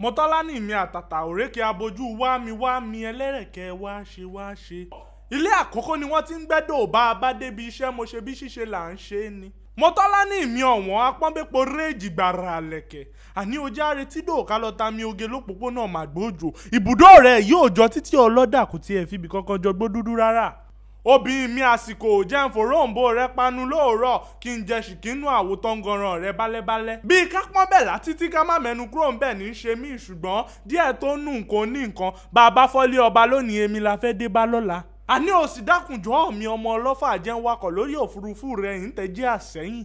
Motolani ní mi àtàtà òrékè abojú wá mi wá mi ẹlẹ́rẹ̀kẹ́ wá ṣe wá ṣe. ilé àkọ́kọ́ ni wọ́n ti ń gbẹ́dọ̀ bá a bá débi iṣẹ́ mo ṣe bí ṣíṣe là ń ṣe é ni. Motolani ní mi ọ̀wọ́n apọ́nbẹ́pọ̀ réèjì gbàrà àlẹ̀kẹ̀ àní ojú ààrẹ tí dòòkà lọ ta mi oge lópòpónà màgbóòjò ibùdó rẹ̀ yóò jọ títí ọlọ́dà kò tiẹ̀ fi ibì kankan jọ gbó rárá obìnrin mi àsìkò jẹ́ nfòròǹbó rẹ panu lóòrọ̀ kí n jẹ ṣìkínú àwòtọ́ngọ̀ràn rẹ bálẹ́bálẹ́. bíi ká pọ́n bẹ̀ láti tí ká má mẹ́nu kúrò ń bẹ̀ ní í ṣe mí ṣùgbọ́n díẹ̀ tó nù nǹkan ní nǹkan bàbá fọ́lé ọba lónìí èmi la fẹ́ dé bá lọ́la. àní òsì dákùnjọ́ mi ọmọ ọlọ́fà jẹ́ ń wakọ̀ lórí òfurufú rẹ̀ ń tẹ́jẹ́ àsẹ́yìn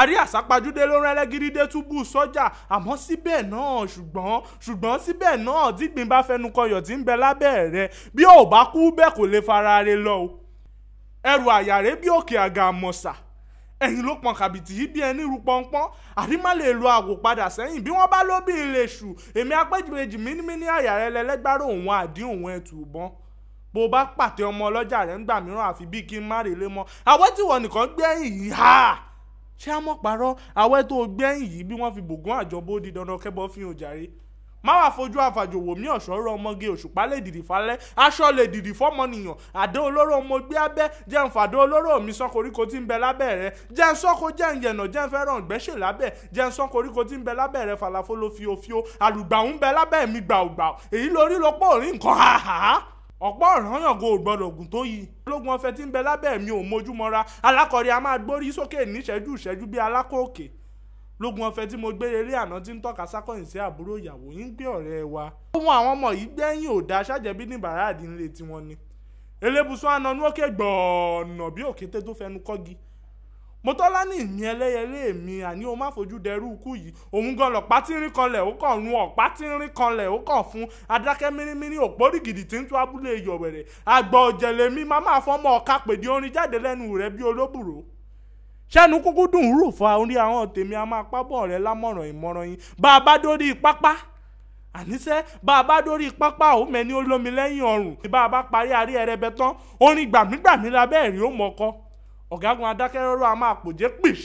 àrí àsápajúdé ló rán ẹlẹ́gídídé túbú sọ́jà àmọ́ síbẹ̀ náà ṣùgbọ́n ṣùgbọ́n síbẹ̀ náà dígbìn bá fẹnu kọyọ̀ tí ń bẹ lábẹ́ rẹ̀ bí ò bá kú bẹ́ẹ̀ kò lè fara re lọ o ẹrù àyàrẹ́ bí òkè àga àmọ̀sà ẹ̀yìn ló pọn kàbìtì yìí bí ẹni ru pọ́npọ́n àbí má lè lo àwò padà sẹ́yìn bí wọ́n bá lóbi ìlẹ̀ṣù èmi apẹ́jùmẹ́jì mímíní àyàrẹ́ lẹ́lẹ́gbárò òun àdín òun ẹ̀tù bọ́n bó o bá pàtẹ ọmọ ọlọ́jà rẹ̀ ńgbà mìíràn àfi bí kí n má relé mọ́ àwẹ́ tí wọ́n nìkan gbẹ́yìn yìí ha ṣé àmọ́ parọ́ àwẹ́ tó gbẹ́yìn yìí bí wọ́n fi bògún àjọbó di dandan kẹ́bọ́ fi hàn jàre má wàá fojú àfàjò wò mí ọ̀ṣọ́rọ̀ ọmọge òṣùpá lè dìdì falẹ́ aṣọ lè dìdì fọ́mọnìyàn àdé olóró mo gbé abẹ́ jẹ́ ń fàdé olóró mi sán koríko tí ń bẹ lábẹ́ rẹ jẹ́ ń sọ́kó jẹ́ ń yẹ̀nà jẹ́ ń fẹ́ràn ìgbẹ́sẹ̀ lábẹ́ jẹ́ ń sán koríko tí ń bẹ lábẹ́ rẹ falafolo fiofio àlùgbà ń bẹ lábẹ́ mi gbàùgbà èyí lórí lọ́pọ̀ òrí nǹkan ha ha ha ọ̀pọ̀ ọ̀ràn yàngó gbọ́dọ̀ gùn tó yìí. ológun ọ̀fẹ́ tí ń bẹ lábẹ́ mi ò mójúmọ́ra alákọ̀ọ́rẹ́ a máa gbórí sókè níṣẹ́jú ìṣẹ́jú bí alákòókè lógun ọ̀fẹ́ tí mo gbé eré àná tí ń tọ́ka sákọ̀yìn sí àbúrò ìyàwó yín gbé ọ̀rẹ́ wa. ohun àwọn ọmọ yìí gbẹ́yìn ò dáa ṣàjẹ́bí ní bàrá àdínlé tiwọn ni. elébùsùn ananú òkè gbọ̀ọ̀nà bí òkété tó fẹnu kọ́gi. mọ́tọ́lá ní ìmí ẹlẹ́yẹlé mi àní o má fojú dẹrú ikú yìí òun gan lọ̀pá tí ń rí ó kàn run ọ̀pá tí ń ó kàn fún adákẹ́ mírímírí òpórí gidi tí ń tú abúlé iyọ̀wẹ̀rẹ̀ àgbà òjẹ̀lẹ̀ mi má máa fọ́mọ́ ọ̀ka pèdí orin jáde lẹ́nu rẹ̀ bí olóbùrò ṣẹ́nu kúkú dùn rò fún orí àwọn tèmi a máa pábọ̀ rẹ lámọ̀ràn ìmọ̀ràn yín bá a bá dórí pápá àníṣẹ́ bá a bá dórí pápá ò mẹ́ni olómi lẹ́yìn ọrùn bá a bá parí àrí ẹrẹbẹ tán orin gbàmígbàmí labẹ́ ẹ̀rí ó mọ̀ọ́kọ́ ọ̀gágun adákẹ́rọ́rọ́ a máa pòjé pìṣ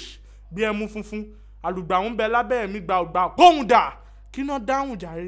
bí ẹmu funfun àlùgbà ń bẹ lábẹ́ ẹ̀mí gbàgbà kóhùn dà kíná dáhùn jàre.